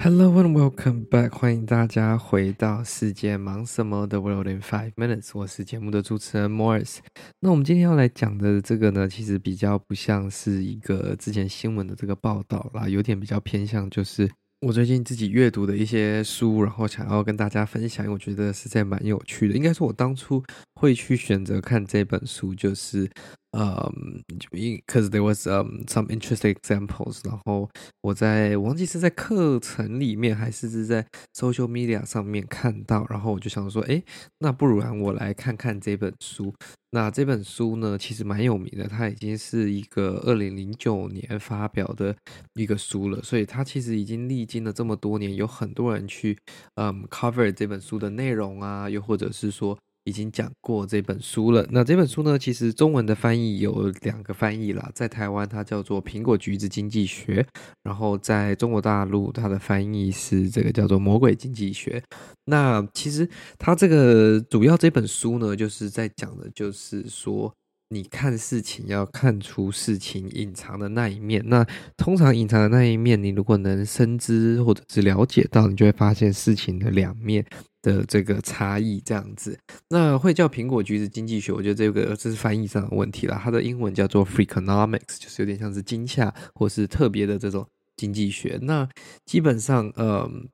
Hello and welcome back！歡迎大家回到《世界忙什麼》The World in Five Minutes。我是節目的主持人 Morris。那我們今天要來講的這個呢，其實比較不像是一個之前新聞的這個報道啦，有點比較偏向就是我最近自己閱讀的一些書，然後想要跟大家分享，我覺得實在蠻有趣的。應該說我當初會去選擇看這本書，就是。嗯，because, um, there was, um, some interesting examples，然後我在忘記是在課程裡面還是是在 social media 上面看到，然後我就想說，哎，那不然我來看看這本書。那這本書呢，其實蠻有名的，它已經是一個二零零九年發表的一個書了，所以它其實已經歷經了這麼多年，有很多人去嗯，um, cover 這本書的內容啊，又或者是說。已經講過這本書了。那這本書呢，其實中文的翻譯有兩個翻譯啦，在台灣它叫做《蘋果橘子經濟學》，然後在中國大陸它的翻譯是這個叫做《魔鬼經濟學》。那其實它這個主要這本書呢，就是在講的就是說，你看事情要看出事情隱藏的那一面。那通常隱藏的那一面，你如果能深知或者是了解到，你就會發現事情的兩面。的這個差異這樣子，那會叫蘋果橘子經濟學？我覺得這個這是翻譯上的問題了。它的英文叫做 Freakonomics，就是有點像是驚嚇或是特別的這種經濟學。那基本上，嗯，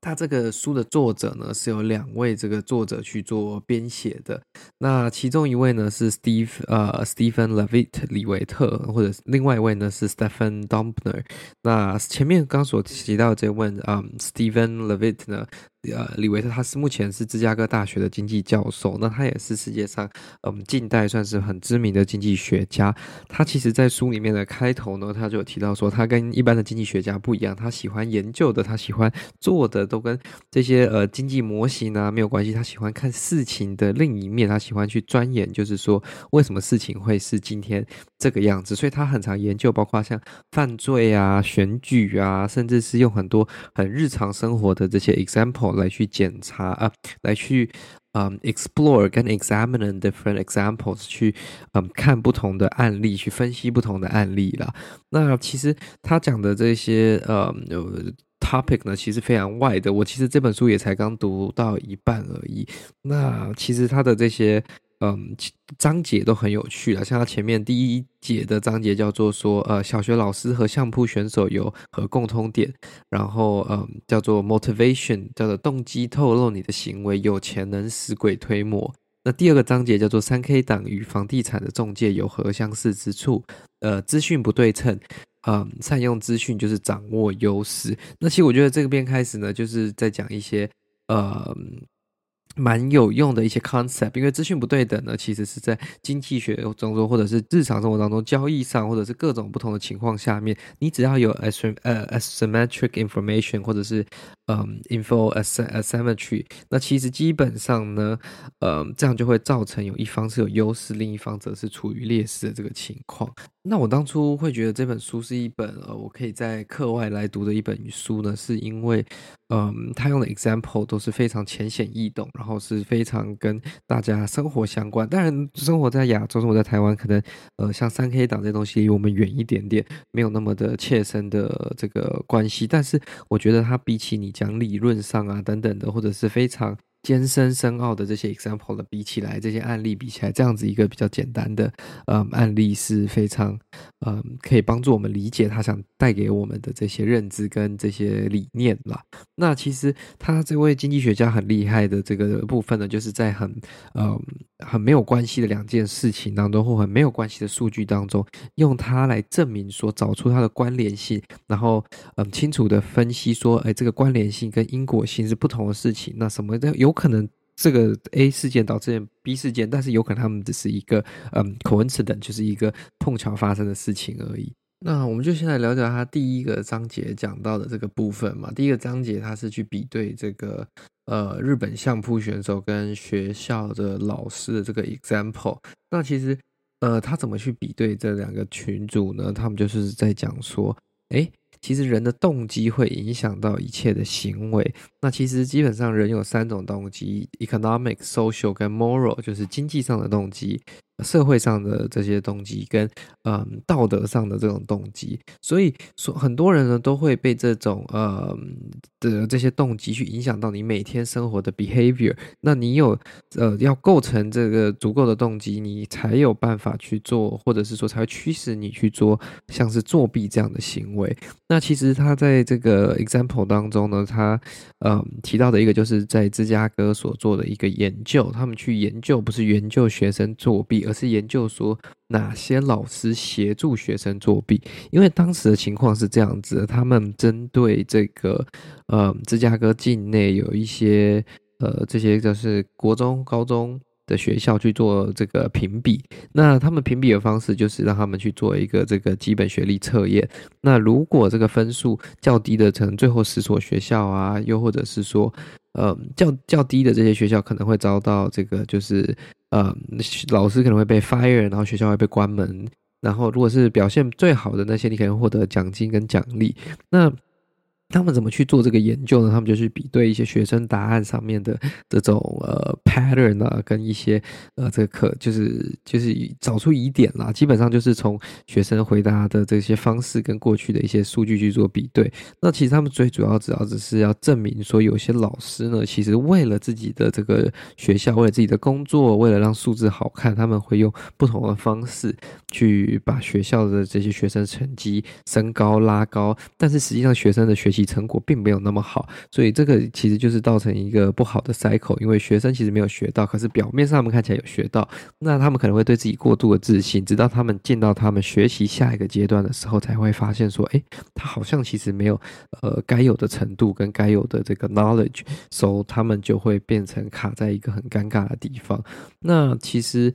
它這個書的作者呢，是有兩位這個作者去做編寫的。那其中一位呢是 Steve，呃、uh,，Stephen Levitt 李維特，或者是另外一位呢是 Stephen Dubner。那前面剛所提到這位啊、um,，Stephen Levitt 呢，呃，李維特他是目前是芝加哥大學的經濟教授，那他也是世界上嗯近代算是很知名的經濟學家。他其實在書裡面的開頭呢，他就提到說，他跟一般的經濟學家不一樣，他喜歡研究的，他喜歡做的都跟這些呃經濟模型呢啊，沒有關係。他喜歡看事情的另一面，他喜歡去鑽研，就是說為什麼事情會是今天這個樣子。所以他很常研究，包括像犯罪啊、選舉啊，甚至是用很多很日常生活的這些 example。來去檢查啊，來去嗯、um,，explore 跟 examine different examples 去嗯、um, 看不同的案例，去分析不同的案例啦，那其實他講的這些呃、um, topic 呢，其實非常 wide 的。我其實這本書也才剛讀到一半而已。那其實他的這些。嗯，章節都很有趣啊。像它前面第一節的章節叫做說“說呃小學老師和相撲選手有何共通點”，然後嗯叫做 “motivation” 叫做動機，透露你的行為，有錢能使鬼推磨。那第二個章節叫做“三 K 黨與房地產的中介有何相似之處”，呃，資訊不對稱，嗯，善用資訊就是掌握優勢。那其實我覺得這邊開始呢，就是在講一些呃。嗯蠻有用的一些 concept，因為資訊不對等呢，其實是在經濟學當中，中，或者是日常生活當中，交易上，或者是各種不同的情況下面，你只要有 s asymmetric information，或者是。嗯 info asymmetry。Um, asymmetry，那其實基本上呢，呃、嗯，這樣就會造成有一方是有優勢，另一方則是處於劣勢的這個情況。那我當初會覺得這本書是一本呃，我可以在課外來讀的一本書呢，是因為，嗯，它用的 example 都是非常淺顯易懂，然後是非常跟大家生活相關。當然，生活在亞洲，生活在台灣，可能呃，像三 K 黨這東西離我們遠一點點，沒有那麼的切身的這個關係。但是我覺得它比起你。講理論上啊，等等的，或者是非常艱深深奧的這些 example 呢，比起來，這些案例比起來，這樣子一個比較簡單的，嗯，案例是非常，嗯，可以幫助我們理解他想帶給我們的這些認知跟這些理念啦。那其實他這位經濟學家很厲害的這個部分呢，就是在很，嗯，很沒有關係的兩件事情當中，或很沒有關係的數據當中，用它來證明說找出它的關聯性，然後，嗯，清楚的分析說，哎，這個關聯性跟因果性是不同的事情。那什麼都有。可能這個 A 事件導致 B 事件，但是有可能他們只是一個嗯、um, coincidental，就是一個碰巧發生的事情而已。那我們就先來聊聊他第一個章節講到的這個部分嘛。第一個章節他是去比對這個呃日本相撲選手跟學校的老師的這個 example。那其實呃，他怎麼去比對這兩個群組呢？他們就是在講說，哎。其實人的動機會影響到一切的行為。那其實基本上人有三種動機：economic、social 跟 moral，就是經濟上的動機。社會上的這些動機跟嗯，道德上的這種動機，所以說很多人呢都會被這種呃、嗯、的這些動機去影響到你每天生活的 behavior。那你有呃要構成這個足夠的動機，你才有辦法去做，或者是說才會驅使你去做像是作弊這樣的行為。那其實他在這個 example 當中呢，他嗯提到的一個就是在芝加哥所做的一個研究，他們去研究，不是研究學生作弊。而是研究說哪些老師協助學生作弊，因為當時的情況是這樣子，他們針對這個，呃，芝加哥境內有一些，呃，這些就是國中高中的學校去做這個評比。那他們評比的方式就是讓他們去做一個這個基本學歷測驗。那如果這個分數較低的，成最後十所學校啊，又或者是說，呃、嗯，較較低的這些學校可能會遭到這個，就是呃、嗯，老師可能會被 fire，然後學校會被關門。然後，如果是表現最好的那些，你可能獲得獎金跟獎勵。那。他們怎麼去做這個研究呢？他們就去比對一些學生答案上面的這種呃 pattern 啊，跟一些呃這個課就是就是找出疑點啦。基本上就是從學生回答的這些方式跟過去的一些數據去做比對。那其實他們最主要、主要只是要證明說，有些老師呢，其實為了自己的這個學校、為了自己的工作，為了讓數字好看，他們會用不同的方式去把學校的這些學生成績升高拉高。但是實際上，學生的學其成果並沒有那麼好，所以這個其實就是造成一個不好的 cycle。因為學生其實沒有學到，可是表面上他們看起來有學到，那他們可能會對自己過度的自信，直到他們進到他們學習下一個階段的時候，才會發現說：“誒，他好像其實沒有呃該有的程度跟該有的這個 knowledge。”So, 他們就會變成卡在一個很尷尬的地方。那其實。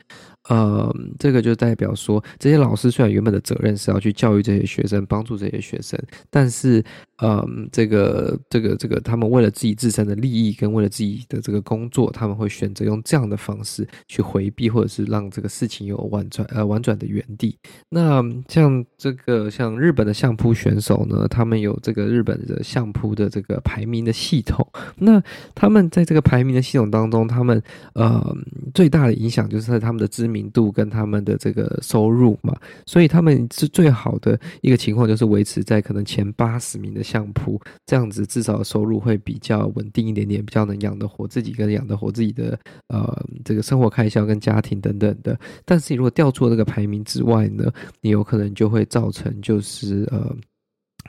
呃、嗯，這個就代表說，這些老師雖然原本的責任是要去教育這些學生、幫助這些學生，但是，嗯，這個、這個、這個，他們為了自己自身的利益，跟為了自己的這個工作，他們會選擇用這樣的方式去回避，或者是讓這個事情有婉轉、呃婉轉的原地。那像這個像日本的相撲選手呢，他們有這個日本的相撲的這個排名的系統，那他們在這個排名的系統當中，他們呃、嗯、最大的影響就是在他們的知名。名度跟他們的這個收入嘛，所以他們是最好的一個情況，就是維持在可能前八十名的相撲，這樣子至少收入會比較穩定一點點，比較能養得活自己跟養得活自己的呃這個生活開銷跟家庭等等的。但是你如果掉出這個排名之外呢，你有可能就會造成就是呃。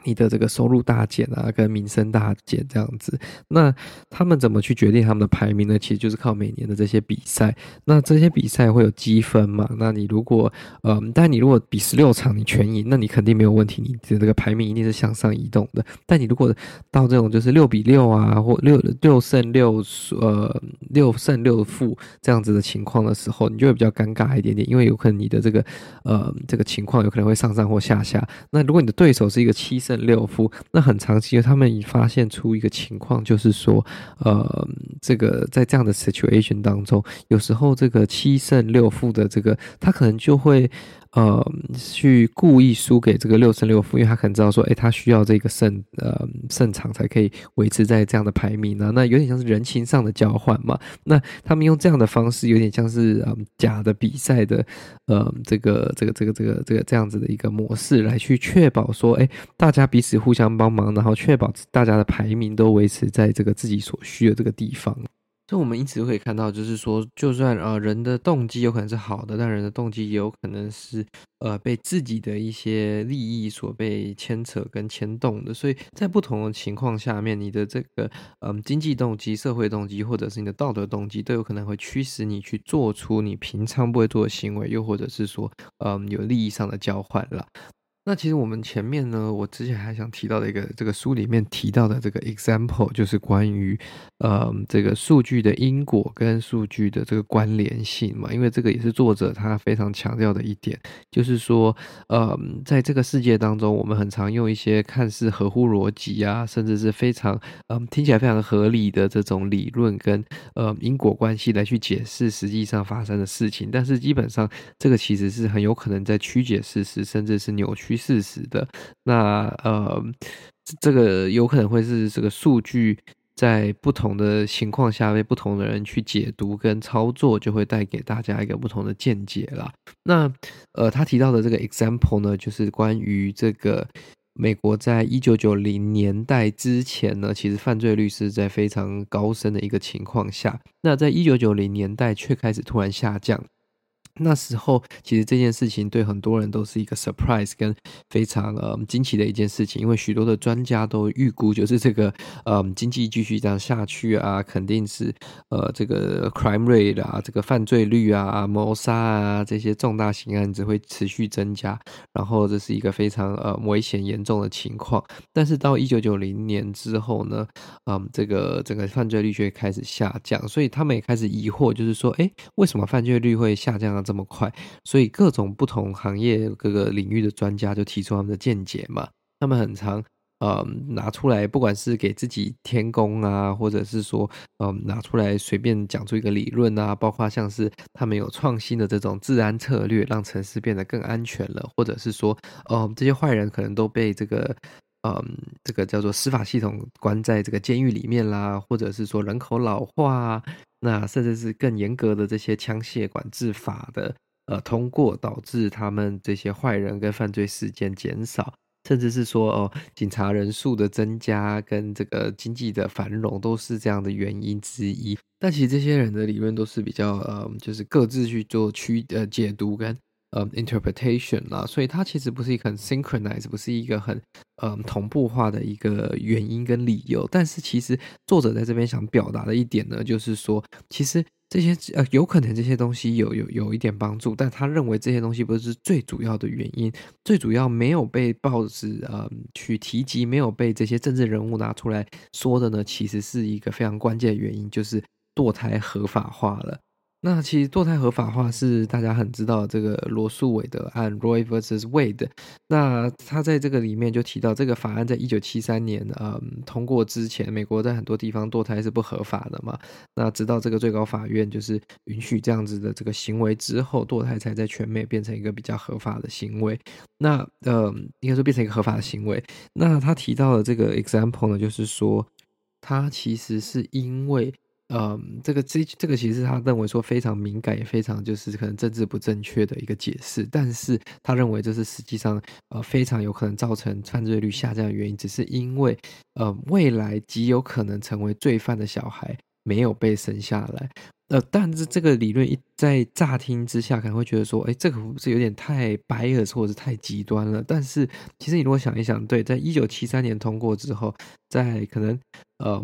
你的這個收入大減啊，跟名聲大減這樣子，那他們怎麼去決定他們的排名呢？其實就是靠每年的這些比賽。那這些比賽會有積分嘛。那你如果，嗯，但你如果比十六場你全贏，那你肯定沒有問題，你的這個排名一定是向上移動的。但你如果到這種就是六比六啊，或六六勝六呃六勝六負這樣子的情況的時候，你就會比較尷尬一點點，因為有可能你的這個呃、嗯、這個情況有可能會上上或下下。那如果你的對手是一個七，勝六負，那很長期，他們已發現出一個情況，就是說，呃，這個在這樣的 situation 當中，有時候這個七勝六負的這個，他可能就會。呃，去故意輸給這個六勝六負，因為他可能知道說，哎，他需要這個勝，呃，勝場才可以維持在這樣的排名啊，那有點像是人情上的交換嘛。那他們用這樣的方式，有點像是嗯假的比賽的，呃，這個這個這個這個這個這樣子的一個模式來去確保說，哎，大家彼此互相幫忙，然後確保大家的排名都維持在這個自己所需的這個地方。那我們一直會看到，就是說，就算啊、呃，人的動機有可能是好的，但人的動機也有可能是呃被自己的一些利益所被牽扯跟牽動的。所以在不同的情況下面，你的這個嗯經濟動機、社會動機，或者是你的道德動機，都有可能會驅使你去做出你平常不會做的行為，又或者是說，嗯，有利益上的交換了。那其實我們前面呢，我之前還想提到的一個，這個書裡面提到的這個 example，就是關於，嗯、呃，這個數據的因果跟數據的這個關聯性嘛。因為這個也是作者他非常強調的一點，就是說，嗯、呃，在這個世界當中，我們很常用一些看似合乎邏輯啊，甚至是非常，嗯、呃，聽起來非常合理的這種理論跟，呃，因果關係來去解釋實際上發生的事情，但是基本上這個其實是很有可能在曲解事實，甚至是扭曲。去事實的那，呃，這個有可能會是這個數據在不同的情況下被不同的人去解讀跟操作，就會帶給大家一個不同的見解了。那，呃，他提到的這個 example 呢，就是關於這個美國在一九九零年代之前呢，其實犯罪率是在非常高升的一個情況下，那在一九九零年代卻開始突然下降。那時候其實這件事情對很多人都是一個 surprise 跟非常呃、嗯、驚奇的一件事情，因為許多的專家都預估就是這個呃、嗯、經濟繼續這樣下去啊，肯定是呃這個 crime rate 啊這個犯罪率啊謀殺啊這些重大刑案只會持續增加，然後這是一個非常呃、嗯、危險嚴重的情況。但是到一九九零年之後呢，嗯這個整、這個犯罪率卻開始下降，所以他們也開始疑惑，就是說哎為什麼犯罪率會下降啊？這麼快，所以各種不同行業、各個領域的專家就提出他們的見解嘛。他們很常，呃、嗯，拿出來，不管是給自己天工啊，或者是說、嗯，拿出來隨便講出一個理論啊，包括像是他們有創新的這種治安策略，讓城市變得更安全了，或者是說，哦、嗯，這些壞人可能都被這個，嗯，這個叫做司法系統關在這個監獄裡面啦，或者是說人口老化啊。那甚至是更嚴格的這些槍械管制法的呃通過，導致他們這些壞人跟犯罪事件減少，甚至是說哦，警察人數的增加跟這個經濟的繁榮都是這樣的原因之一。但其實這些人的理論都是比較呃，就是各自去做區呃解讀跟。呃，interpretation 啦，所以它其實不是一個很 synchronize，不是一個很呃同步化的一個原因跟理由。但是其實作者在這邊想表達的一點呢，就是說，其實這些呃有可能這些東西有有有一點幫助，但他認為這些東西不是最主要的原因，最主要沒有被報紙呃去提及，沒有被這些政治人物拿出來說的呢，其實是一個非常關鍵的原因，就是墮胎合法化了。那其實墮胎合法化是大家很知道這個羅訴韋德案 Roe v. Wade）。那他在這個裡面就提到，這個法案在一九七三年嗯，通過之前，美國在很多地方墮胎是不合法的嘛。那直到這個最高法院就是允許這樣子的這個行為之後，墮胎才在全美變成一個比較合法的行為。那呃，應該說變成一個合法的行為。那他提到的這個 example 呢，就是說，他其實是因為。嗯，這個這這個其實他認為說非常敏感，也非常就是可能政治不正確的一個解釋，但是他認為這是實際上呃非常有可能造成犯罪率下降的原因，只是因為呃未來極有可能成為罪犯的小孩沒有被生下來。呃，但是這個理論一在乍聽之下，可能會覺得說，哎、欸，這個不是有點太白了，或者是太極端了。但是其實你如果想一想，對，在一九七三年通過之後，在可能，嗯、呃，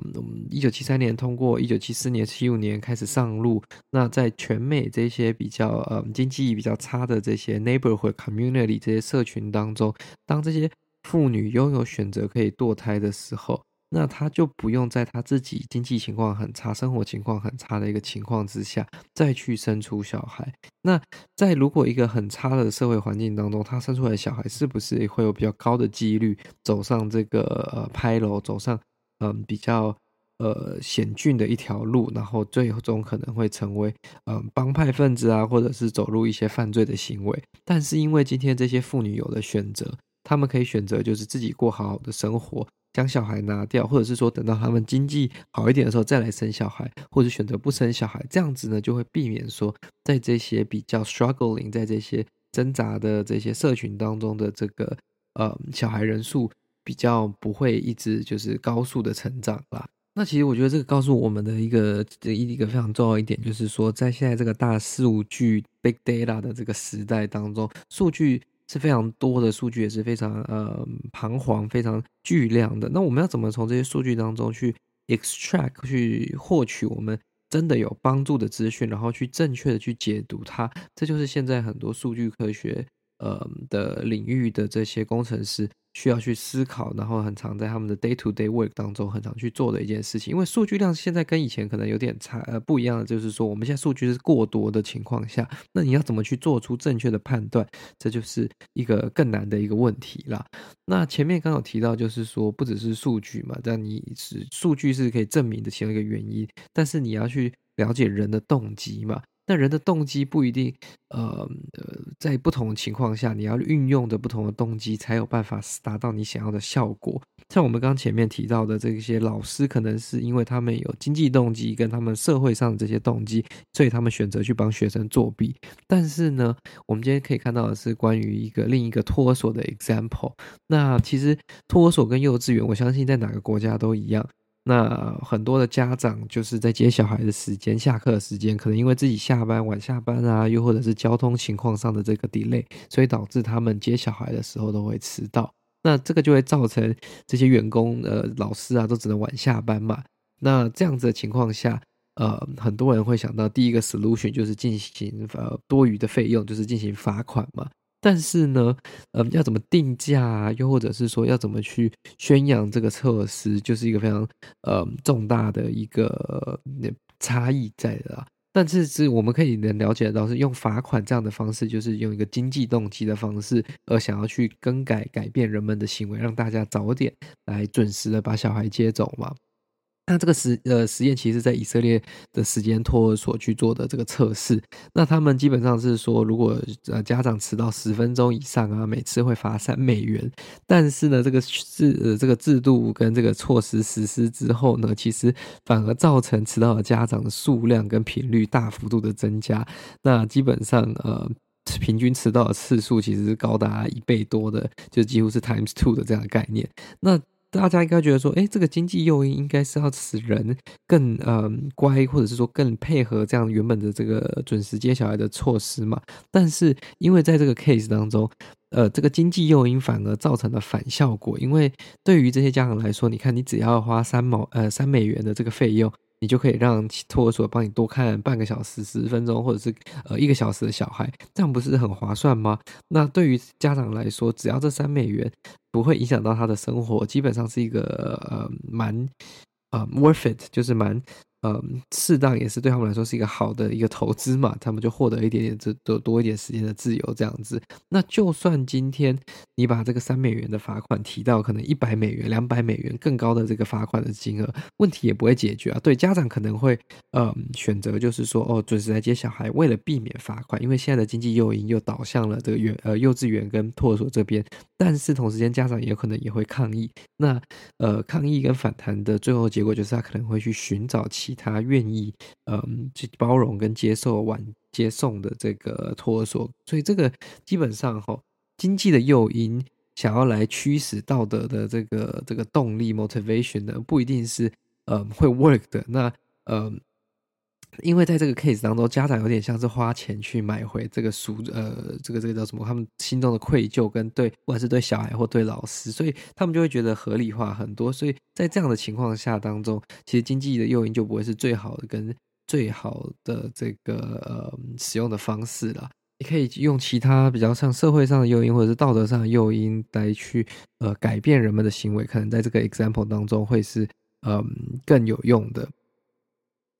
一九七三年通過，一九七四年、七五年開始上路，那在全美這些比較，呃經濟比較差的這些 neighborhood、community 這些社群當中，當這些婦女擁有選擇可以墮胎的時候。那他就不用在他自己經濟情況很差、生活情況很差的一個情況之下，再去生出小孩。那在如果一個很差的社會環境當中，他生出來的小孩是不是會有比較高的幾率走上這個呃拍樓，走上嗯、呃、比較呃險峻的一條路，然後最終可能會成為嗯、呃、幫派分子啊，或者是走入一些犯罪的行為？但是因為今天這些婦女有了選擇，她們可以選擇就是自己過好好的生活。將小孩拿掉，或者是說等到他們經濟好一點的時候再來生小孩，或者選擇不生小孩，這樣子呢就會避免說在這些比較 struggling，在這些掙扎的這些社群當中的這個呃小孩人數比較不會一直就是高速的成長啦。那其實我覺得這個告訴我們的一個一個非常重要一點，就是說在現在這個大數據 Big Data 的這個時代當中，數據。是非常多的數據，也是非常呃彷徨，非常巨量的。那我們要怎麼從這些數據當中去 extract，去獲取我們真的有幫助的資訊，然後去正確的去解讀它？這就是現在很多數據科學呃的領域的這些工程師。需要去思考，然後很常在他們的 day to day work 當中很常去做的一件事情，因為數據量現在跟以前可能有點差呃不一樣的，就是說我們現在數據是過多的情況下，那你要怎麼去做出正確的判斷，這就是一個更難的一個問題啦。那前面剛剛有提到，就是說不只是數據嘛，但你是數據是可以證明的其中一個原因，但是你要去了解人的動機嘛。那人的動機不一定，呃，在不同的情況下，你要運用的不同的動機，才有辦法達到你想要的效果。像我們剛剛前面提到的這些老師，可能是因為他們有經濟動機跟他們社會上的這些動機，所以他們選擇去幫學生作弊。但是呢，我們今天可以看到的是關於一個另一個托兒所的 example。那其實托兒所跟幼稚園，我相信在哪個國家都一樣。那很多的家長就是在接小孩的時間、下課的時間，可能因為自己下班，晚下班啊，又或者是交通情況上的這個 delay，所以導致他們接小孩的時候都會遲到。那這個就會造成這些員工、呃老師啊，都只能晚下班嘛。那這樣子的情況下，呃，很多人會想到第一個 solution 就是進行呃多餘的費用，就是進行罰款嘛。但是呢，嗯、呃，要怎麼定價啊？又或者是說要怎麼去宣揚這個措施，就是一個非常呃重大的一個差異在的、啊。但是是我們可以能了解到，是用罰款這樣的方式，就是用一個經濟動機的方式，而想要去更改、改變人們的行為，讓大家早點來準時的把小孩接走嘛。那這個實呃實驗，其實在以色列的時間托兒所去做的這個測試。那他們基本上是說，如果呃家長遲到十分鐘以上啊，每次會罰三美元。但是呢，這個制、呃、這個制度跟這個措施實施之後呢，其實反而造成遲到的家長的數量跟頻率大幅度的增加。那基本上呃，平均遲到的次數其實是高達一倍多的，就幾乎是 times two 的這樣的概念。那大家應該覺得說，哎，這個經濟誘因應該是要使人更嗯、呃、乖，或者是說更配合這樣原本的這個準時接小孩的措施嘛。但是因為在這個 case 當中，呃，這個經濟誘因反而造成了反效果，因為對於這些家長來說，你看，你只要花三毛呃三美元的這個費用。你就可以讓托兒所幫你多看半個小時、十分鐘，或者是呃一個小時的小孩，這樣不是很划算嗎？那對於家長來說，只要這三美元不會影響到他的生活，基本上是一個呃蠻啊、呃、worth it，就是蠻。呃，嗯、適當也是對他們來說是一個好的一個投資嘛他們就獲得一點點這多多一點時間的自由這樣子。那就算今天你把這個三美元的罰款提到可能一百美元、兩百美元更高的這個罰款的金額，問題也不會解決啊。對家長可能會呃、嗯、選擇就是說哦準時來接小孩，為了避免罰款，因為現在的經濟誘因又導向了這個園呃幼稚園跟托兒所這邊，但是同時間家長也有可能也會抗議。那呃抗議跟反彈的最後結果就是他可能會去尋找其。其他願意，嗯，去包容跟接受晚接送的這個托兒所，所以這個基本上哈、哦，經濟的誘因想要來驅使道德的這個這個動力 motivation 呢，不一定是呃、嗯、會 work 的，那呃。嗯因為在這個 case 當中，家長有點像是花錢去買回這個書，呃，這個這個叫什麼？他們心中的愧疚跟對，不管是對小孩或對老師，所以他們就會覺得合理化很多。所以在這樣的情況下當中，其實經濟的誘因就不會是最好的跟最好的這個呃使用的方式了。你可以用其他比較像社會上的誘因或者是道德上的誘因來去呃改變人們的行為，可能在這個 example 當中會是嗯、呃、更有用的。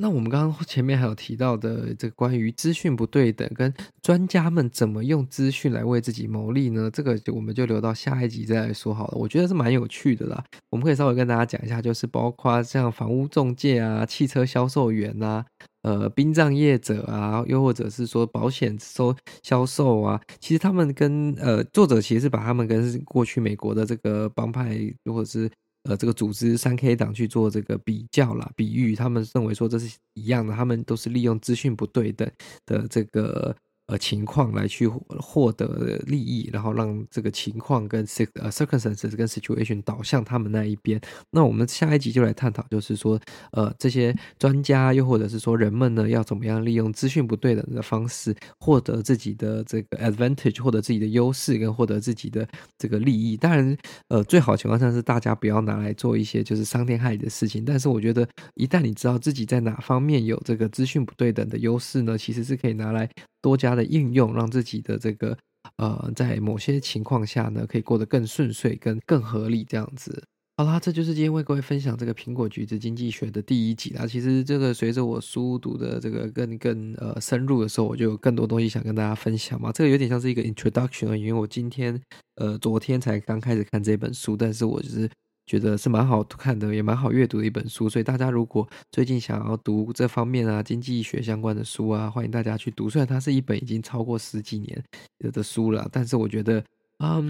那我們剛剛前面還有提到的這個關於資訊不對等，跟專家們怎麼用資訊來為自己牟利呢？這個我們就留到下一集再來說好了。我覺得是蠻有趣的啦，我們可以稍微跟大家講一下，就是包括像房屋中介啊、汽車銷售員啊、呃殯葬業者啊，又或者是說保險收銷售啊，其實他們跟呃作者其實把他們跟過去美國的這個幫派，或者是。呃，這個組織三 K 黨去做這個比較啦，比喻他們認為說這是一樣的，他們都是利用資訊不對等的，的這個。呃，情況來去獲得利益，然後讓這個情況跟呃、uh, circumstances 跟 situation 導向他們那一邊。那我們下一集就來探討，就是說，呃，這些專家又或者是說人們呢，要怎麼樣利用資訊不對等的方式獲得自己的這個 advantage，獲得自己的優勢跟獲得自己的這個利益。當然，呃，最好情況下是大家不要拿來做一些就是傷天害理的事情。但是我覺得，一旦你知道自己在哪方面有這個資訊不對等的優勢呢，其實是可以拿來多加的應用，讓自己的這個呃，在某些情況下呢，可以過得更順遂跟更合理這樣子。好啦，這就是今天為各位分享這個《蘋果橘子經濟學》的第一集啦。其實，這個隨着我書讀的這個更更呃深入的時候，我就有更多東西想跟大家分享嘛。這個有點像是一個 introduction，因為我今天呃昨天才剛開始看這本書，但是我就是。覺得是蠻好看的，也蠻好閱讀的一本書，所以大家如果最近想要讀這方面啊，經濟學相關的書啊，歡迎大家去讀。雖然它是一本已經超過十幾年的書了，但是我覺得，嗯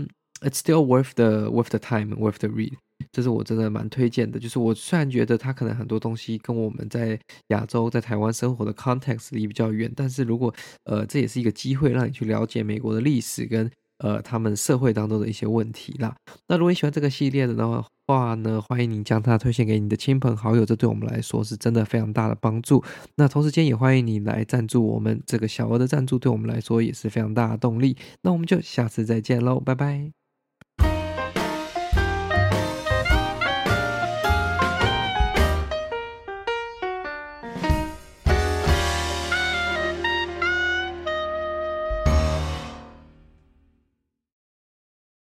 ，um，it's still worth the worth the time worth the read，這是我真的蠻推薦的。就是我雖然覺得它可能很多東西跟我們在亞洲在台灣生活的 context 離比較遠，但是如果呃，這也是一個機會讓你去了解美國的歷史跟。呃，他們社會當中的一些問題啦。那如果你喜歡這個系列的的話呢，歡迎您將它推薦給你的親朋好友，這對我們來說是真的非常大的幫助。那同時間也歡迎你來贊助我們，這個小額的贊助對我們來說也是非常大的動力。那我們就下次再見嘍，拜拜。